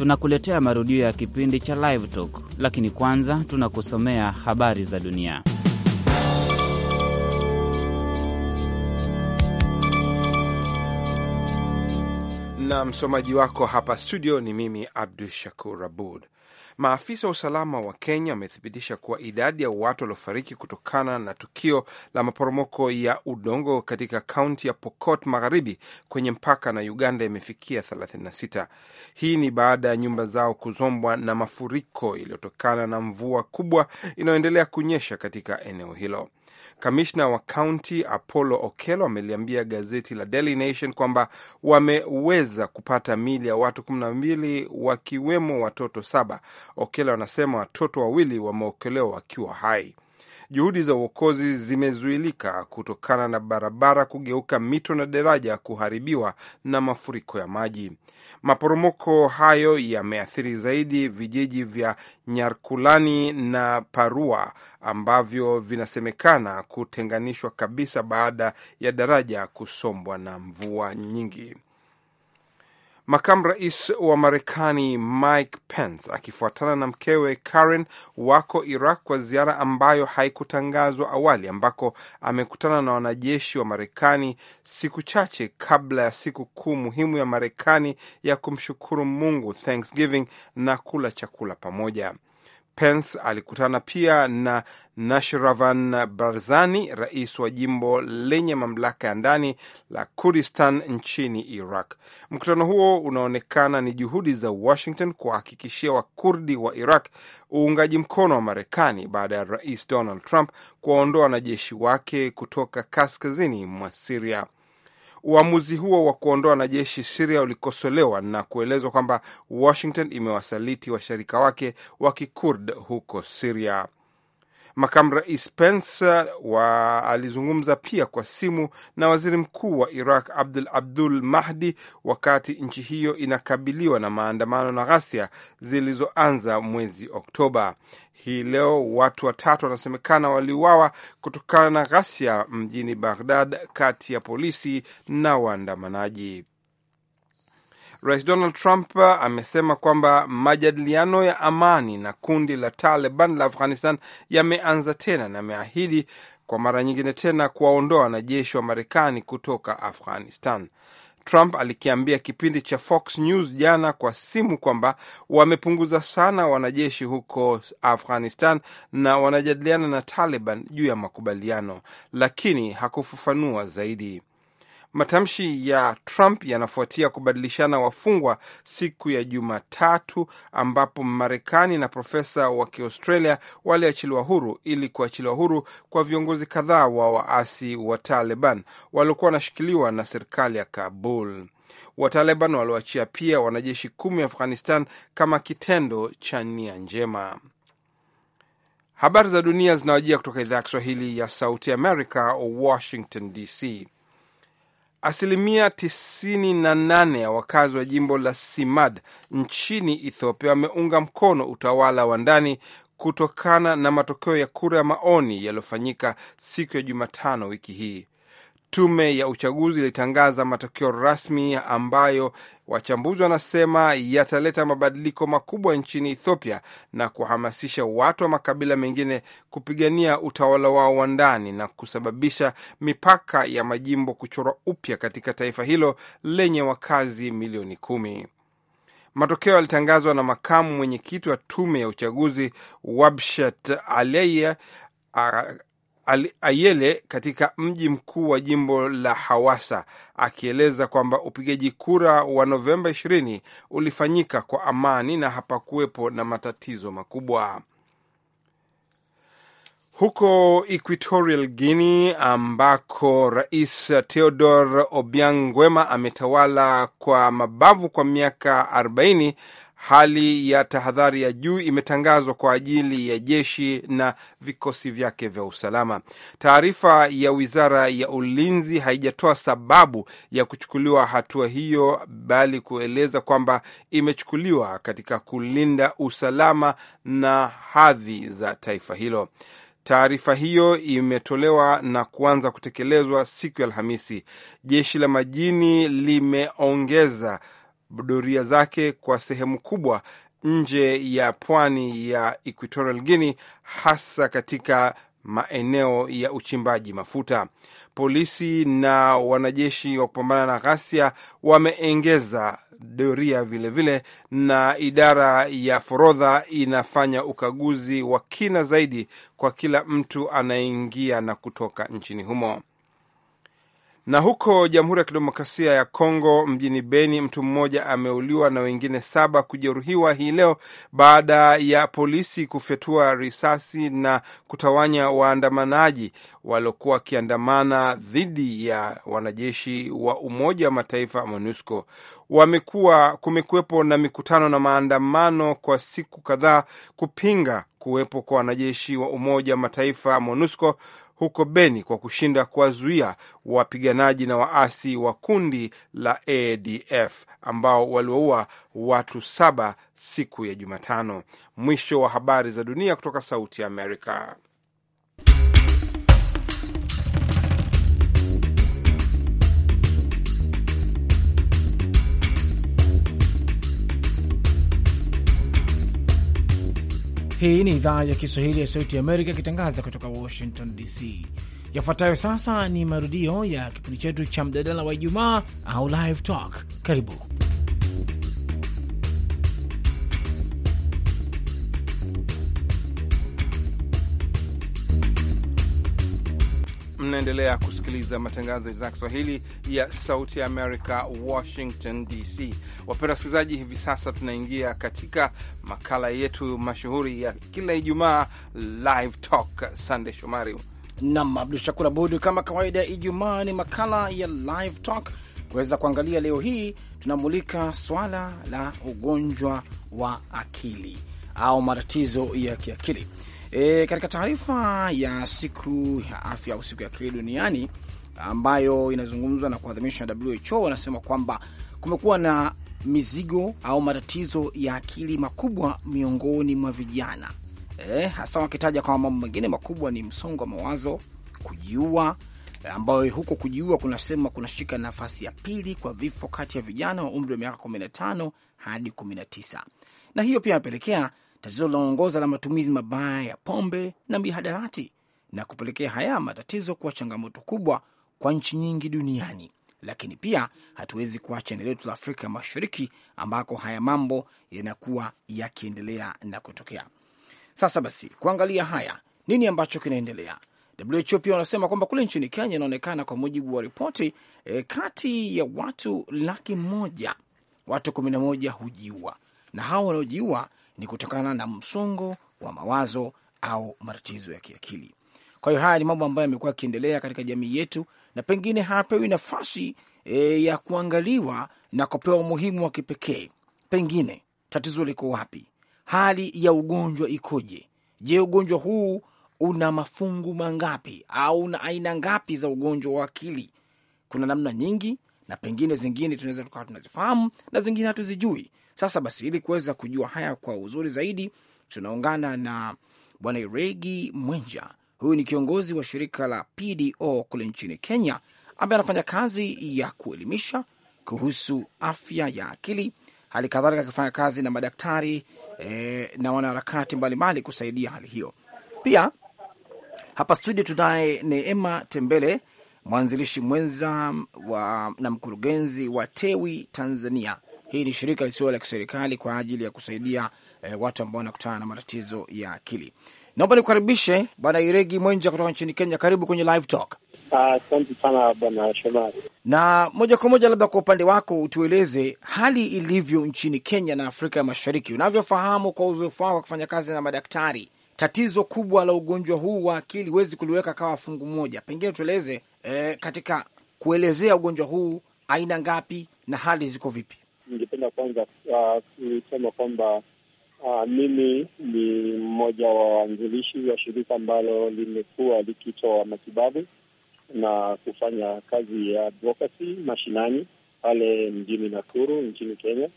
tunakuletea marudio ya kipindi cha Live Talk, lakini kwanza tunakusomea habari za dunia. Na msomaji wako hapa studio ni mimi Abdu Shakur Abud. Maafisa wa usalama wa Kenya wamethibitisha kuwa idadi ya watu waliofariki kutokana na tukio la maporomoko ya udongo katika kaunti ya Pokot Magharibi kwenye mpaka na Uganda imefikia 36. Hii ni baada ya nyumba zao kuzombwa na mafuriko iliyotokana na mvua kubwa inayoendelea kunyesha katika eneo hilo. Kamishna wa kaunti Apollo Okelo ameliambia gazeti la Daily Nation kwamba wameweza kupata mili ya watu kumi na mbili wakiwemo watoto saba. Okelo anasema watoto wawili wameokelewa wakiwa hai juhudi za uokozi zimezuilika kutokana na barabara kugeuka mito na daraja kuharibiwa na mafuriko ya maji. Maporomoko hayo yameathiri zaidi vijiji vya Nyarkulani na Parua ambavyo vinasemekana kutenganishwa kabisa baada ya daraja kusombwa na mvua nyingi. Makamu rais wa Marekani Mike Pence akifuatana na mkewe Karen wako Iraq kwa ziara ambayo haikutangazwa awali, ambako amekutana na wanajeshi wa Marekani siku chache kabla ya siku kuu muhimu ya Marekani ya kumshukuru Mungu, Thanksgiving, na kula chakula pamoja. Pence alikutana pia na Nashravan Barzani, rais wa jimbo lenye mamlaka ya ndani la Kurdistan nchini Iraq. Mkutano huo unaonekana ni juhudi za Washington kuwahakikishia Wakurdi wa Iraq uungaji mkono wa Marekani baada ya rais Donald Trump kuwaondoa wanajeshi wake kutoka kaskazini mwa Siria. Uamuzi huo wa kuondoa wanajeshi Siria ulikosolewa na kuelezwa kwamba Washington imewasaliti washirika wake wa Kikurd huko Siria. Makamu Rais Pence uh, wa alizungumza pia kwa simu na waziri mkuu wa Iraq Abdul Abdul Mahdi wakati nchi hiyo inakabiliwa na maandamano na ghasia zilizoanza mwezi Oktoba. Hii leo watu watatu wanasemekana waliuawa kutokana na ghasia mjini Baghdad kati ya polisi na waandamanaji. Rais Donald Trump uh, amesema kwamba majadiliano ya amani na kundi la Taliban la Afghanistan yameanza tena na ameahidi kwa mara nyingine tena kuwaondoa wanajeshi wa Marekani kutoka Afghanistan. Trump alikiambia kipindi cha Fox News jana kwa simu kwamba wamepunguza sana wanajeshi huko Afghanistan na wanajadiliana na Taliban juu ya makubaliano, lakini hakufafanua zaidi. Matamshi ya Trump yanafuatia kubadilishana wafungwa siku ya Jumatatu, ambapo Marekani na profesa wa Kiaustralia waliachiliwa huru ili kuachiliwa huru kwa viongozi kadhaa wa waasi wa Taliban waliokuwa wanashikiliwa na serikali ya Kabul. Wataliban walioachia pia wanajeshi kumi wa Afghanistan kama kitendo cha nia njema. Habari za dunia zinawajia kutoka idhaa ya Kiswahili ya Sauti Amerika, Washington DC. Asilimia 98 ya wakazi wa jimbo la Simad nchini Ethiopia wameunga mkono utawala wa ndani kutokana na matokeo ya kura ya maoni yaliyofanyika siku ya Jumatano wiki hii. Tume ya uchaguzi ilitangaza matokeo rasmi ambayo wachambuzi wanasema yataleta mabadiliko makubwa nchini Ethiopia na kuhamasisha watu wa makabila mengine kupigania utawala wao wa ndani na kusababisha mipaka ya majimbo kuchorwa upya katika taifa hilo lenye wakazi milioni kumi. Matokeo yalitangazwa na makamu mwenyekiti wa tume ya uchaguzi Wabshet Aleye Ayele katika mji mkuu wa jimbo la hawasa akieleza kwamba upigaji kura wa Novemba 20 ulifanyika kwa amani na hapakuwepo na matatizo makubwa. Huko Equatorial Guinea ambako Rais Teodor Obiang Nguema ametawala kwa mabavu kwa miaka Hali ya tahadhari ya juu imetangazwa kwa ajili ya jeshi na vikosi vyake vya usalama. Taarifa ya wizara ya ulinzi haijatoa sababu ya kuchukuliwa hatua hiyo, bali kueleza kwamba imechukuliwa katika kulinda usalama na hadhi za taifa hilo. Taarifa hiyo imetolewa na kuanza kutekelezwa siku ya Alhamisi. Jeshi la majini limeongeza doria zake kwa sehemu kubwa nje ya pwani ya Equatorial Guinea, hasa katika maeneo ya uchimbaji mafuta. Polisi na wanajeshi wa kupambana na ghasia wameongeza doria vilevile, na idara ya forodha inafanya ukaguzi wa kina zaidi kwa kila mtu anayeingia na kutoka nchini humo. Na huko Jamhuri ya Kidemokrasia ya Kongo, mjini Beni, mtu mmoja ameuliwa na wengine saba kujeruhiwa hii leo baada ya polisi kufyatua risasi na kutawanya waandamanaji waliokuwa wakiandamana dhidi ya wanajeshi wa Umoja wa Mataifa MONUSCO. Wamekuwa kumekuwepo na mikutano na maandamano kwa siku kadhaa kupinga kuwepo kwa wanajeshi wa Umoja wa Mataifa MONUSCO huko Beni kwa kushinda kuwazuia wapiganaji na waasi wa kundi la ADF ambao waliwaua watu saba siku ya Jumatano. Mwisho wa habari za dunia kutoka Sauti ya Amerika. Hii ni idhaa ya Kiswahili ya Sauti Amerika ikitangaza kutoka Washington DC. Yafuatayo sasa ni marudio ya kipindi chetu cha mjadala wa Ijumaa au Live Talk. Karibu mnaendelea kusikiliza matangazo ya Kiswahili ya Sauti ya Amerika, Washington DC. Wapenda wasikilizaji, hivi sasa tunaingia katika makala yetu mashuhuri ya kila Ijumaa, Live Talk. Sande Shomari nam Abdu Shakur Abud, kama kawaida Ijumaa ni makala ya Live Talk kuweza kuangalia. Leo hii tunamulika swala la ugonjwa wa akili au matatizo ya kiakili E, katika taarifa ya siku ya afya au siku ya akili duniani ambayo inazungumzwa na kuadhimishwa na WHO, wanasema kwamba kumekuwa na mizigo au matatizo ya akili makubwa miongoni mwa vijana e, hasa wakitaja kwamba mambo mengine makubwa ni msongo wa mawazo, kujiua, ambayo huko kujiua kunasema kunashika nafasi ya pili kwa vifo kati ya vijana wa umri wa miaka 15 hadi 19, na hiyo pia inapelekea tatizo linaongoza la matumizi mabaya ya pombe na mihadarati na kupelekea haya matatizo kuwa changamoto kubwa kwa nchi nyingi duniani. Lakini pia hatuwezi kuacha eneo letu la Afrika Mashariki ambako haya mambo yanakuwa yakiendelea na kutokea. Sasa basi, kuangalia haya, nini ambacho kinaendelea? WHO pia wanasema kwamba kule nchini Kenya inaonekana kwa mujibu wa ripoti e, kati ya watu laki moja watu kumi na moja hujiua, na hawa wanaojiua ni kutokana na msongo wa mawazo au matatizo ya kiakili. Kwa hiyo haya ni mambo ambayo yamekuwa yakiendelea katika jamii yetu, na pengine hayapewi nafasi e, ya kuangaliwa na kupewa umuhimu wa kipekee. Pengine tatizo liko wapi? Hali ya ugonjwa ikoje? Je, ugonjwa huu una mafungu mangapi au una aina ngapi za ugonjwa wa akili? Kuna namna nyingi, na pengine zingine tunaweza tukawa tunazifahamu na zingine hatuzijui. Sasa basi, ili kuweza kujua haya kwa uzuri zaidi, tunaungana na Bwana Iregi Mwenja. Huyu ni kiongozi wa shirika la PDO kule nchini Kenya, ambaye anafanya kazi ya kuelimisha kuhusu afya ya akili, hali kadhalika akifanya kazi na madaktari eh, na wanaharakati mbalimbali kusaidia hali hiyo. Pia hapa studio tunaye Neema Tembele, mwanzilishi mwenza wa, na mkurugenzi wa Tewi Tanzania. Hii ni shirika lisilo la kiserikali kwa ajili ya kusaidia eh, watu ambao wanakutana na matatizo ya akili. Naomba nikukaribishe Bwana Iregi Mwenja kutoka nchini Kenya. Karibu kwenye Live Talk. Asante uh, sana Bwana Shomari. Na moja kwa moja, labda kwa upande wako utueleze hali ilivyo nchini Kenya na Afrika ya Mashariki, unavyofahamu kwa uzoefu wako wa kufanya kazi na madaktari. Tatizo kubwa la ugonjwa huu wa akili huwezi kuliweka kawa fungu moja, pengine tueleze eh, katika kuelezea ugonjwa huu aina ngapi na hali ziko vipi? ningependa kwanza uh, kusema uh, kwamba uh, mimi ni mmoja wa waanzilishi wa shirika ambalo limekuwa likitoa matibabu na kufanya kazi ya advocacy mashinani pale mjini Nakuru nchini Kenya,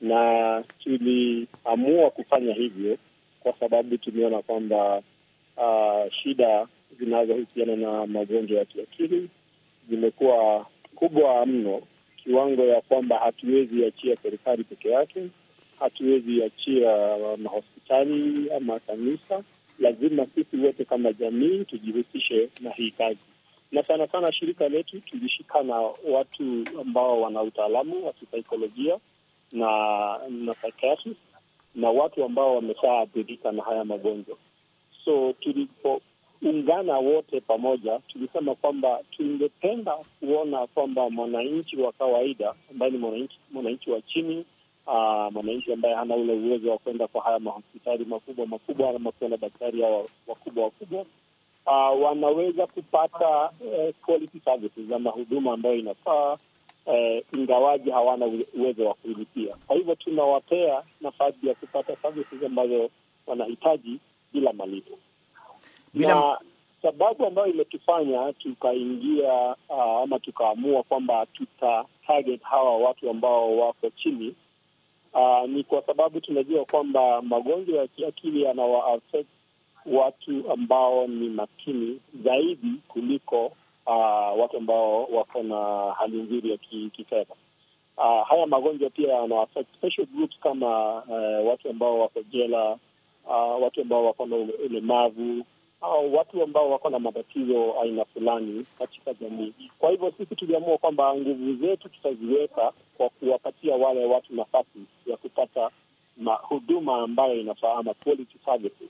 na tuliamua kufanya hivyo kwa sababu tumeona kwamba uh, shida zinazohusiana na magonjwa ya kiakili zimekuwa kubwa mno kiwango ya kwamba hatuwezi achia serikali peke yake, hatuwezi achia uh, mahospitali ama kanisa. Lazima sisi wote kama jamii tujihusishe na hii kazi, na sana sana shirika letu tulishikana watu ambao wana utaalamu wa kisaikolojia na na psychiatrist na watu ambao wameshaathirika na haya magonjwa. So tulipo ungana wote pamoja, tulisema kwamba tungependa kuona kwamba mwananchi wa kawaida ambaye ni mwananchi wa chini Uh, mwananchi ambaye hana ule uwezo wa kwenda kwa haya mahospitali makubwa makubwa ama kuona daktari hao wakubwa wakubwa, uh, wanaweza kupata uh, quality services ama huduma ambayo inafaa uh, eh, ingawaji hawana uwezo wa kuilipia. Kwa hivyo tunawapea nafasi ya kupata services ambazo wanahitaji bila malipo. Bila... na sababu ambayo imetufanya tukaingia uh, ama tukaamua kwamba tuta target hawa watu ambao wako chini uh, ni kwa sababu tunajua kwamba magonjwa ya kiakili yanawaaffect watu ambao ni makini zaidi kuliko uh, watu ambao wako na hali nzuri ya kifedha. Uh, haya magonjwa pia yanawaaffect special groups kama uh, watu ambao wako jela, uh, watu ambao wako na ulemavu au watu ambao wako na matatizo aina fulani katika jamii. Kwa hivyo sisi tuliamua kwamba nguvu zetu tutaziweka kwa kuwapatia wale watu nafasi ya kupata huduma ambayo inafaa ama quality services,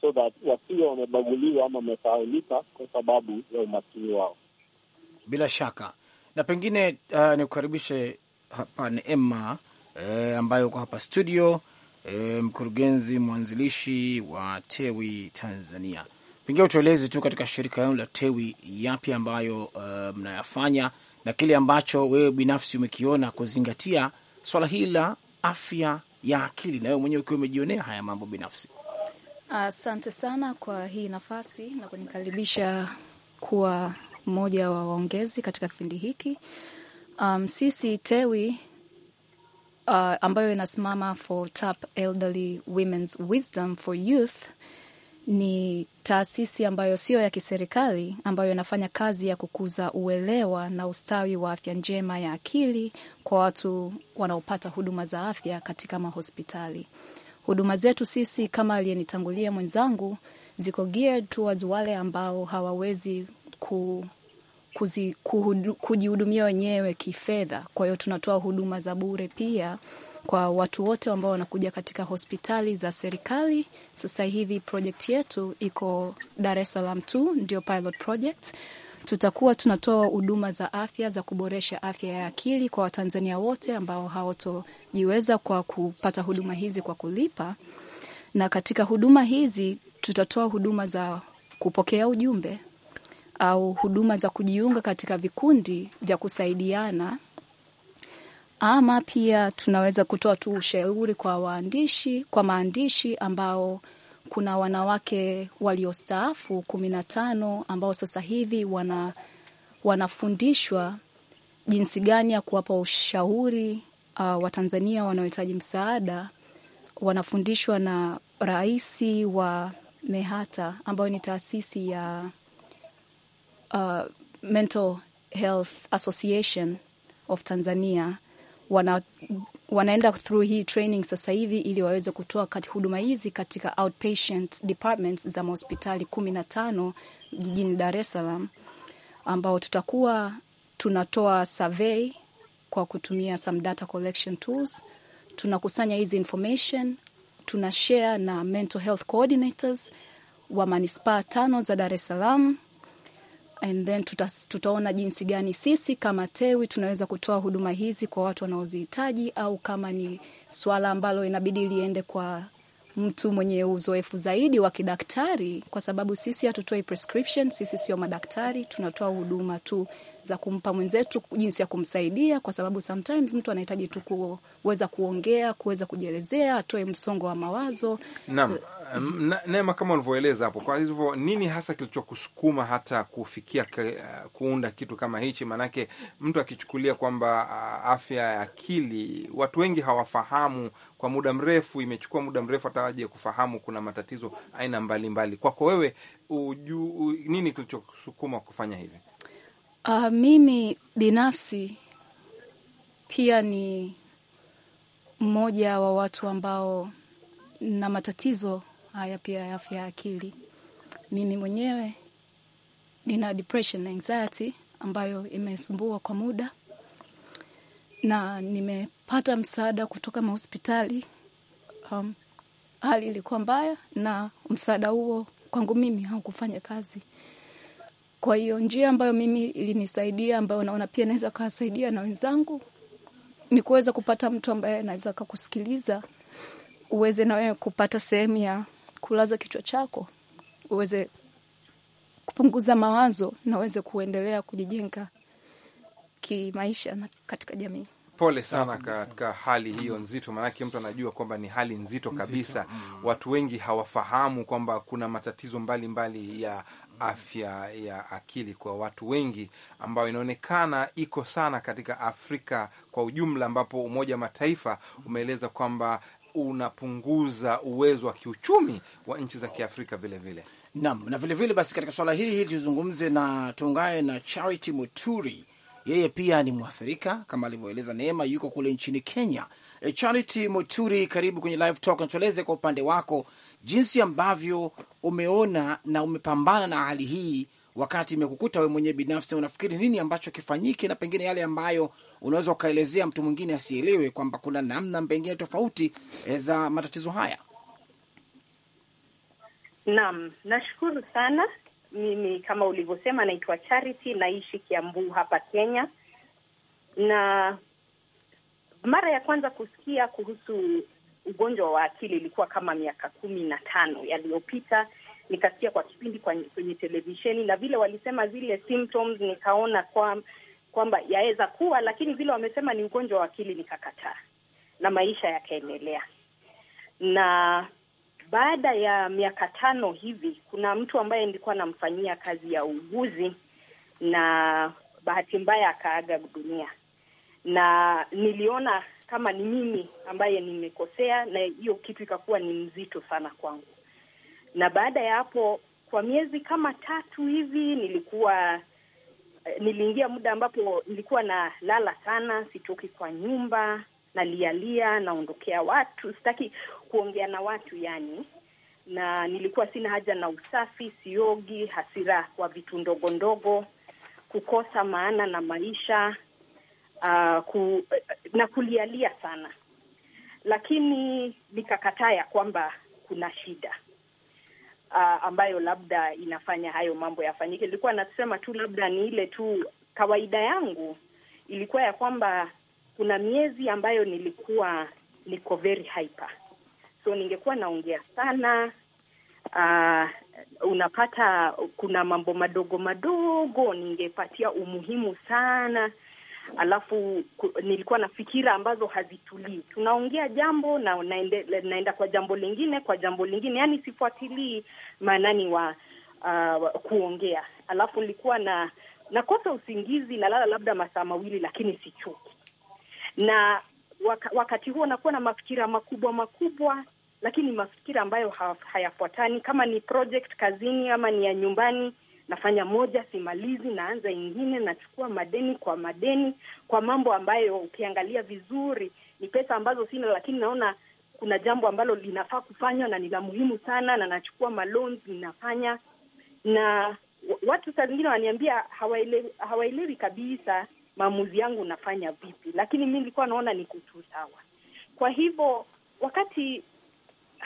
so that wasio wamebaguliwa ama wamesahaulika kwa sababu ya umaskini wao. Bila shaka na pengine uh, nikukaribishe hapa Neema eh, ambayo uko hapa studio eh, mkurugenzi mwanzilishi wa Tewi Tanzania pengine utueleze tu katika shirika lenu la TEWI yapi ambayo uh, mnayafanya na kile ambacho wewe binafsi umekiona kuzingatia swala hili la afya ya akili, na wewe mwenyewe ukiwa umejionea haya mambo binafsi. Asante sana kwa hii nafasi na kunikaribisha kuwa mmoja wa waongezi katika kipindi hiki. Um, sisi TEWI uh, ambayo inasimama for Tap Elderly Women's Wisdom for Youth ni taasisi ambayo sio ya kiserikali ambayo inafanya kazi ya kukuza uelewa na ustawi wa afya njema ya akili kwa watu wanaopata huduma za afya katika mahospitali. Huduma zetu sisi, kama aliyenitangulia mwenzangu, ziko geared towards wale ambao hawawezi ku kujihudumia wenyewe kifedha. Kwa hiyo tunatoa huduma za bure pia kwa watu wote ambao wanakuja katika hospitali za serikali. Sasa hivi project yetu iko Dar es Salaam tu, ndio pilot project. Tutakuwa tunatoa huduma za afya za kuboresha afya ya akili kwa Watanzania wote ambao hawatojiweza kwa kupata huduma hizi kwa kulipa, na katika huduma hizi tutatoa huduma za kupokea ujumbe au huduma za kujiunga katika vikundi vya kusaidiana ama pia tunaweza kutoa tu ushauri kwa waandishi, kwa maandishi ambao kuna wanawake waliostaafu kumi na tano ambao sasa hivi wana, wanafundishwa jinsi gani ya kuwapa ushauri uh, Watanzania wanaohitaji msaada. Wanafundishwa na rais wa MEHATA ambayo ni taasisi ya uh, Mental Health Association of Tanzania wana, wanaenda through hii training sasa hivi ili waweze kutoa kati huduma hizi katika outpatient departments za mahospitali kumi na tano jijini Dar es Salaam, ambao tutakuwa tunatoa survey kwa kutumia some data collection tools. Tunakusanya hizi information, tuna share na mental health coordinators wa manispaa tano za Dar es Salaam and then tuta, tutaona jinsi gani sisi kama TEWI tunaweza kutoa huduma hizi kwa watu wanaozihitaji, au kama ni swala ambalo inabidi liende kwa mtu mwenye uzoefu zaidi wa kidaktari, kwa sababu sisi hatutoi prescription. Sisi sio madaktari, tunatoa huduma tu za kumpa mwenzetu jinsi ya kumsaidia, kwa sababu sometimes mtu anahitaji tu kuweza kuongea, kuweza kujielezea, atoe msongo wa mawazo. Naam, eh, Neema, kama ulivyoeleza hapo. Kwa hivyo nini hasa kilichokusukuma hata kufikia ke, eh, kuunda kitu kama hichi? Maanake mtu akichukulia kwamba ah, afya ya akili watu wengi hawafahamu kwa muda mrefu, imechukua muda mrefu hata waje kufahamu kuna matatizo aina mbalimbali. Kwako wewe uju, nini kilichokusukuma kufanya hivi? Uh, mimi binafsi pia ni mmoja wa watu ambao na matatizo haya pia ya afya ya akili. Mimi mwenyewe nina depression anxiety ambayo imesumbua kwa muda, na nimepata msaada kutoka mahospitali. Um, hali ilikuwa mbaya na msaada huo kwangu mimi haukufanya kazi. Kwa hiyo njia ambayo mimi ilinisaidia, ambayo naona pia naweza kawasaidia na wenzangu ni kuweza kupata mtu ambaye anaweza kakusikiliza, uweze nawe kupata sehemu ya kulaza kichwa chako, uweze kupunguza mawazo na uweze kuendelea kujijenga kimaisha katika jamii. Pole sana katika hali hiyo mm. nzito, maanake mtu anajua kwamba ni hali nzito kabisa. Mm. Watu wengi hawafahamu kwamba kuna matatizo mbalimbali mbali ya afya ya akili kwa watu wengi, ambayo inaonekana iko sana katika Afrika kwa ujumla, ambapo Umoja wa Mataifa umeeleza kwamba unapunguza uwezo wa kiuchumi wa nchi za Kiafrika vilevile. Naam, na vilevile vile, basi katika swala hili hili tuzungumze na tuungane na Charity Muturi yeye pia ni mwathirika kama alivyoeleza Neema, yuko kule nchini Kenya. E, Charity Moturi, karibu kwenye Live Talk, natueleze kwa upande wako jinsi ambavyo umeona na umepambana na hali hii wakati imekukuta we mwenyewe binafsi, unafikiri nini ambacho kifanyike, na pengine yale ambayo unaweza ukaelezea mtu mwingine asielewe kwamba kuna namna pengine tofauti e, za matatizo haya? Naam, nashukuru sana mimi kama ulivyosema, naitwa Charity, naishi Kiambu hapa Kenya, na mara ya kwanza kusikia kuhusu ugonjwa wa akili ilikuwa kama miaka kumi na tano yaliyopita. Nikasikia kwa kipindi kwenye televisheni na vile walisema zile symptoms, nikaona kwa kwamba yaweza kuwa, lakini vile wamesema ni ugonjwa wa akili nikakataa, na maisha yakaendelea. Na baada ya miaka tano hivi, kuna mtu ambaye nilikuwa namfanyia kazi ya uuguzi na bahati mbaya akaaga dunia, na niliona kama ni mimi ambaye nimekosea, na hiyo kitu ikakuwa ni mzito sana kwangu. Na baada ya hapo, kwa miezi kama tatu hivi nilikuwa eh, niliingia muda ambapo nilikuwa na lala sana, sitoki kwa nyumba, nalialia, naondokea watu, sitaki kuongea na watu yani, na nilikuwa sina haja na usafi, siogi, hasira kwa vitu ndogo ndogo, kukosa maana na maisha uh, ku, na kulialia sana, lakini nikakataa ya kwamba kuna shida uh, ambayo labda inafanya hayo mambo yafanyike. Ilikuwa nasema tu labda ni ile tu kawaida yangu ilikuwa ya kwamba kuna miezi ambayo nilikuwa niko very hyper so ningekuwa naongea sana. Uh, unapata kuna mambo madogo madogo ningepatia umuhimu sana, alafu ku, nilikuwa na fikira ambazo hazitulii. Tunaongea jambo na naende, naenda kwa jambo lingine kwa jambo lingine, yaani sifuatilii maanani wa uh, kuongea. Alafu nilikuwa na nakosa usingizi, nalala labda masaa mawili, lakini sichoki na waka, wakati huo nakuwa na mafikira makubwa makubwa lakini mafikira ambayo hayafuatani. Kama ni project kazini ama ni ya nyumbani, nafanya moja simalizi, naanza ingine, nachukua madeni kwa madeni kwa mambo ambayo ukiangalia vizuri ni pesa ambazo sina, lakini naona kuna jambo ambalo linafaa kufanywa na ni la muhimu sana, na nachukua maloans ninafanya. Na watu saa zingine wananiambia hawaelewi, hawaelewi kabisa maamuzi yangu nafanya vipi, lakini mi nilikuwa naona niko tu sawa. Kwa hivyo wakati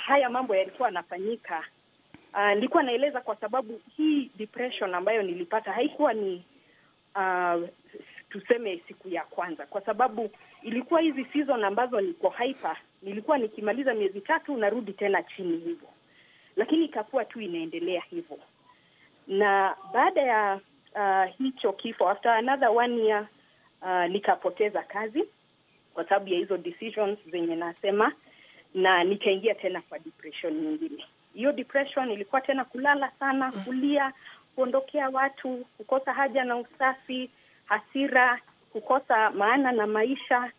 haya mambo yalikuwa yanafanyika. Uh, nilikuwa naeleza kwa sababu hii depression ambayo nilipata haikuwa ni uh, tuseme siku ya kwanza, kwa sababu ilikuwa hizi season ambazo niko hyper, nilikuwa nikimaliza miezi tatu narudi tena chini hivyo, lakini ikakuwa tu inaendelea hivyo, na baada ya uh, hicho kifo, after another one year uh, nikapoteza kazi kwa sababu ya hizo decisions zenye nasema na nikaingia tena kwa depression nyingine. Hiyo depression ilikuwa tena kulala sana, mm. kulia, kuondokea watu, kukosa haja na usafi, hasira, kukosa maana na maisha,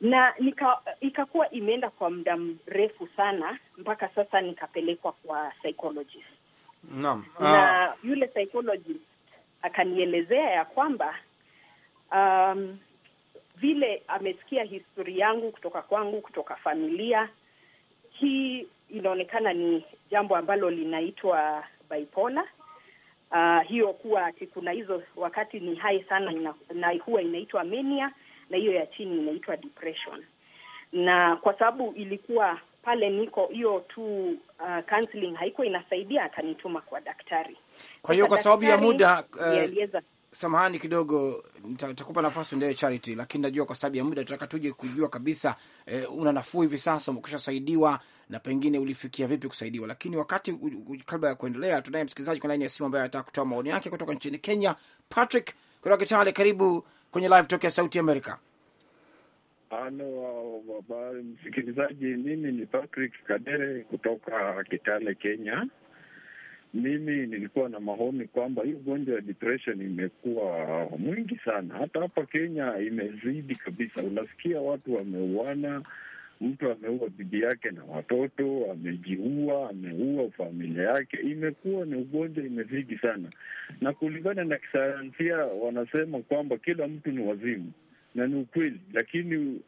na nika, ikakuwa imeenda kwa muda mrefu sana mpaka sasa nikapelekwa kwa psychologist. Naam. Na ah. yule psychologist akanielezea ya kwamba um, vile amesikia historia yangu kutoka kwangu, kutoka familia hii. Inaonekana ni jambo ambalo linaitwa bipola Uh, ah, hiyo kuwa ati kuna hizo wakati ni hai sana ina, na huwa inaitwa menia na hiyo ya chini inaitwa depression, na kwa sababu ilikuwa pale niko hiyo tu uh, counseling haikuwa inasaidia, akanituma kwa daktari. Kwa hiyo kwa sababu ya muda uh, samahani kidogo, nitakupa nafasi uendelee Charity, lakini najua kwa sababu ya muda tunataka tuje kujua kabisa, e, una nafuu hivi sasa, umekusha saidiwa na pengine ulifikia vipi kusaidiwa. Lakini wakati kabla ya kuendelea, tunaye msikilizaji kwa laini ya simu ambaye anataka kutoa maoni yake kutoka nchini Kenya. Patrick kutoka Kitale, karibu kwenye live toka Sauti Amerika. Halo msikilizaji, mimi ni Patrick Kadere kutoka Kitale, Kenya mimi nilikuwa na maoni kwamba hii ugonjwa ya depression imekuwa mwingi sana, hata hapa Kenya imezidi kabisa. Unasikia watu wameuana, mtu ameua bibi yake na watoto, amejiua, ameua familia yake. Imekuwa ni ugonjwa imezidi sana, na kulingana na kisayansia wanasema kwamba kila mtu ni wazimu, na ni ukweli, lakini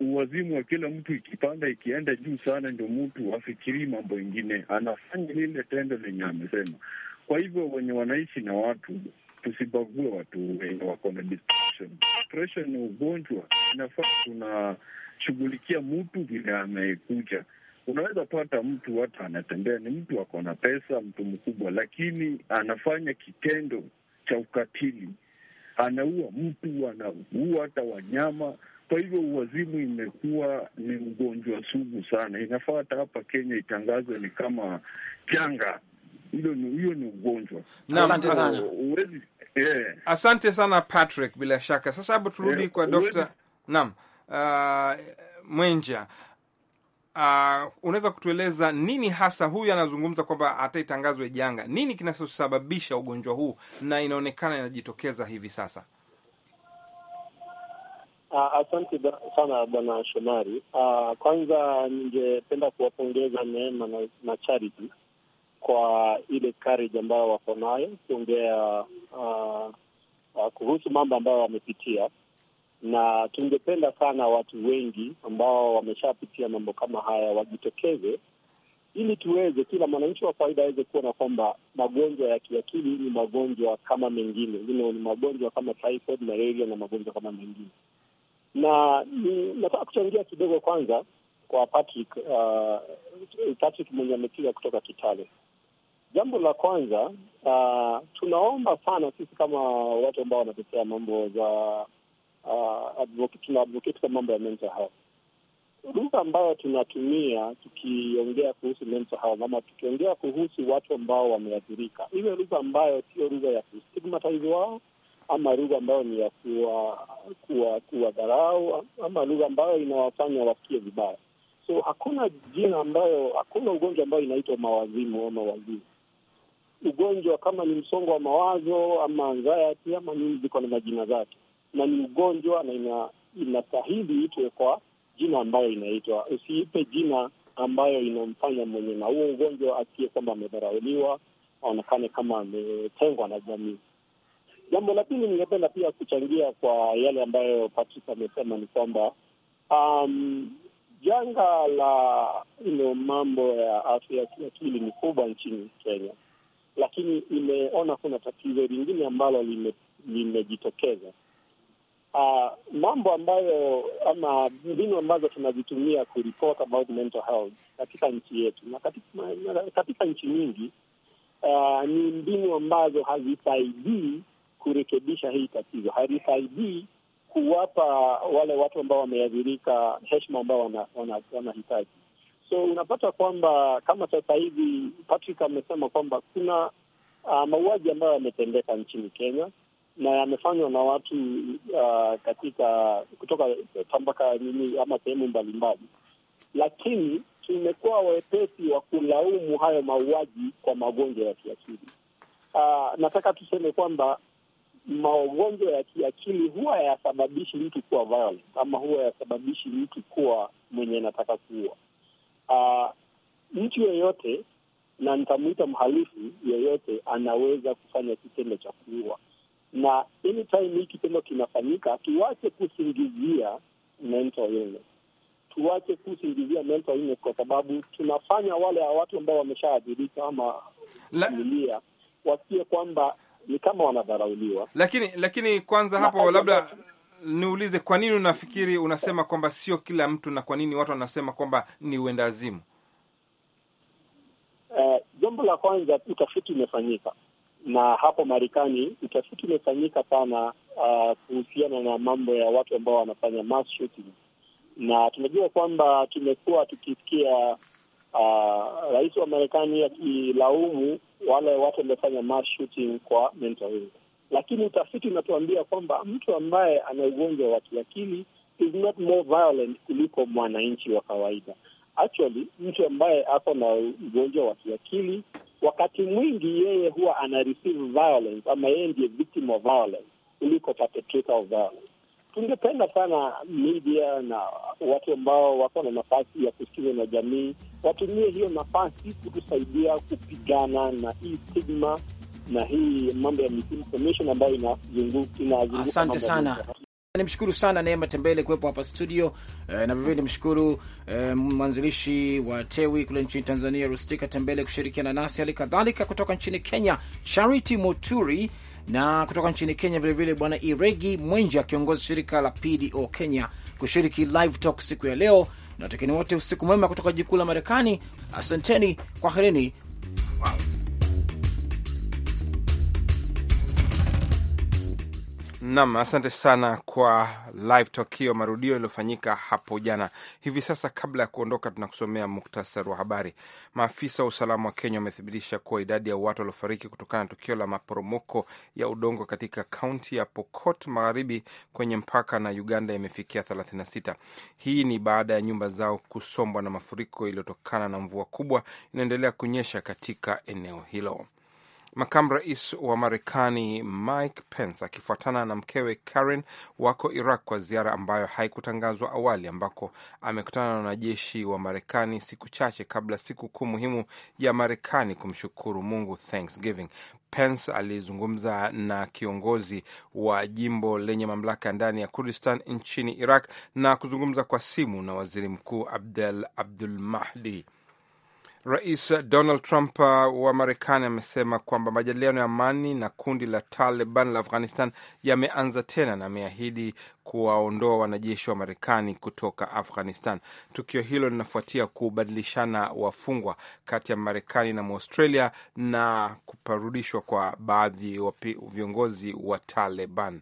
uwazimu wa kila mtu ikipanda ikienda juu sana, ndio mtu afikirii mambo ingine, anafanya lile tendo lenye amesema. Kwa hivyo wenye wanaishi na watu tusibague watu wenye wako na depression. Depression ni ugonjwa, inafaa tunashughulikia mtu vile amekuja. Unaweza pata mtu hata anatembea, ni mtu ako na pesa, mtu mkubwa, lakini anafanya kitendo cha ukatili, anaua mtu, anaua hata wanyama kwa hivyo uwazimu imekuwa ni ugonjwa sugu sana, inafaa hata hapa Kenya itangazwe ni kama janga. Hiyo ni, ni ugonjwa. Asante sana, uwezi, yeah. Asante sana Patrick, bila shaka sasa hapo turudi yeah, kwa Dr. Naam, uh, Mwenja Uh, unaweza kutueleza nini hasa, huyu anazungumza kwamba hata itangazwe janga, nini kinachosababisha ugonjwa huu na inaonekana inajitokeza hivi sasa? Uh, asante sana bwana Shomari. Uh, kwanza ningependa kuwapongeza Neema na, na Charity kwa ile courage ambayo wako nayo kuongea uh, uh, kuhusu mambo ambayo wamepitia, na tungependa sana watu wengi ambao wameshapitia mambo kama haya wajitokeze ili tuweze kila mwananchi wa kawaida aweze kuona kwamba magonjwa ya kiakili ni magonjwa kama mengine, ni magonjwa kama typhoid, malaria na magonjwa kama mengine na nataka kuchangia kidogo kwanza kwa Patrick, uh, Patrick amepiga kutoka Kitale. Jambo la kwanza, uh, tunaomba sana sisi kama watu ambao wanatetea mambo za uh, advocate, tuna advocate kwa mambo ya mental health. Lugha ambayo tunatumia tukiongea kuhusu mental health ama tukiongea kuhusu watu ambao wameathirika, iwe lugha ambayo sio lugha ya kustigmatize wao ama lugha ambayo ni ya kuwa dharau ama lugha ambayo inawafanya wasikie vibaya. So hakuna jina ambayo, hakuna ugonjwa ambayo inaitwa mawazimu ama wazimu. Ugonjwa kama ni msongo wa mawazo ama anxiety ama nini, ziko na majina zake, na ni ugonjwa na ina inastahili itwe kwa jina ambayo inaitwa. Usiipe jina ambayo inamfanya mwenye na huo ugonjwa asikie kwamba amedharauliwa, aonekane kama ametengwa na jamii. Jambo la pili, ningependa pia kuchangia kwa yale ambayo Patrick amesema ni kwamba um, janga la ilo mambo ya afya ya kiakili ni kubwa nchini Kenya, lakini imeona kuna tatizo lingine ambalo limejitokeza uh, mambo ambayo ama mbinu ambazo tunazitumia kuriport about mental health katika nchi yetu na katika, katika nchi nyingi uh, ni mbinu ambazo hazisaidii kurekebisha hii tatizo, halisaidii kuwapa wale watu ambao wameathirika heshima ambao wanahitaji so unapata kwamba kama sasa hivi Patrick amesema kwamba kuna uh, mauaji ambayo yametendeka nchini Kenya na yamefanywa na watu uh, katika kutoka tambaka nini ama sehemu mbalimbali, lakini tumekuwa wepesi wa kulaumu hayo mauaji kwa magonjwa ya kiakili. Uh, nataka tuseme kwamba magonjwa ya kiakili huwa yasababishi mtu kuwa violent, ama huwa yasababishi mtu kuwa mwenye anataka kuua. Uh, mtu yeyote na nitamwita mhalifu yeyote anaweza kufanya kitendo cha kuua, na anytime hii kitendo kinafanyika, tuwache kusingizia mental illness, tuwache kusingizia mental illness, kwa sababu tunafanya wale watu ambao wameshaadhirika ama familia wasikie kwamba ni kama wanadharauliwa. Lakini lakini kwanza na hapo labda niulize, kwa nini unafikiri unasema kwamba sio kila mtu, na kwa nini watu wanasema kwamba ni uendazimu? Eh, jambo uh, la kwanza, utafiti umefanyika na hapo Marekani utafiti umefanyika sana ah, kuhusiana na mambo ya watu ambao wanafanya mass shooting, na tunajua kwamba tumekuwa tukisikia uh, rais wa Marekani akilaumu wale watu waliofanya mass shooting kwa mentoring. Lakini utafiti unatuambia kwamba mtu ambaye ana ugonjwa wa kiakili is not more violent kuliko mwananchi wa kawaida. Actually, mtu ambaye ako na ugonjwa wa kiakili wakati mwingi yeye huwa ana receive violence ama yeye ndiye victim of violence kuliko perpetrator of violence tungependa sana media na watu ambao wako na nafasi ya kusikiza na jamii watumie hiyo nafasi kutusaidia kupigana na hii stigma na hii mambo ya misinformation ambayo inazunguka. Asante sana. Nimshukuru sana Neema Tembele kuwepo hapa studio eh, na vilevile nimshukuru eh, mwanzilishi wa Tewi kule nchini Tanzania Rustika Tembele kushirikiana nasi, hali kadhalika kutoka nchini Kenya Charity Moturi na kutoka nchini Kenya vilevile Bwana Iregi Mwenja, akiongoza shirika la PDO Kenya, kushiriki live talk siku ya leo. Na watekeni wote usiku mwema kutoka jikuu la Marekani. Asanteni, kwaherini. wow. Nam, asante sana kwa live talk hiyo, marudio yaliyofanyika hapo jana. Hivi sasa, kabla ya kuondoka, tunakusomea muktasari wa habari. Maafisa wa usalama wa Kenya wamethibitisha kuwa idadi ya watu waliofariki kutokana na tukio la maporomoko ya udongo katika kaunti ya Pokot Magharibi kwenye mpaka na Uganda imefikia 36. Hii ni baada ya nyumba zao kusombwa na mafuriko iliyotokana na mvua kubwa inaendelea kunyesha katika eneo hilo. Makamu rais wa Marekani Mike Pence akifuatana na mkewe Karen wako Iraq kwa ziara ambayo haikutangazwa awali, ambako amekutana na wanajeshi wa Marekani siku chache kabla siku kuu muhimu ya Marekani kumshukuru Mungu, Thanksgiving. Pence alizungumza na kiongozi wa jimbo lenye mamlaka ndani ya Kurdistan nchini Iraq na kuzungumza kwa simu na waziri mkuu Abdel Abdul Mahdi. Rais Donald Trump uh, wa Marekani amesema kwamba majadiliano ya amani na kundi la Taliban la Afghanistan yameanza tena na ameahidi kuwaondoa wanajeshi wa Marekani kutoka Afghanistan. Tukio hilo linafuatia kubadilishana wafungwa kati ya Marekani na maustralia na kuparudishwa kwa baadhi ya viongozi wa Taliban.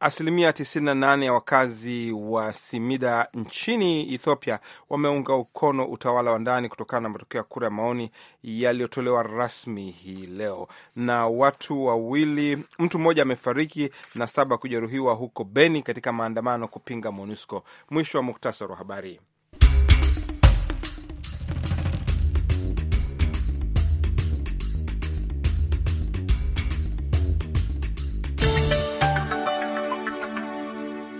Asilimia 98 ya wakazi wa Simida nchini Ethiopia wameunga mkono utawala wa ndani kutokana na matokeo ya kura ya maoni yaliyotolewa rasmi hii leo. Na watu wawili, mtu mmoja amefariki na saba kujeruhiwa huko Beni katika maandamano kupinga MONUSCO. Mwisho wa muktasari wa habari.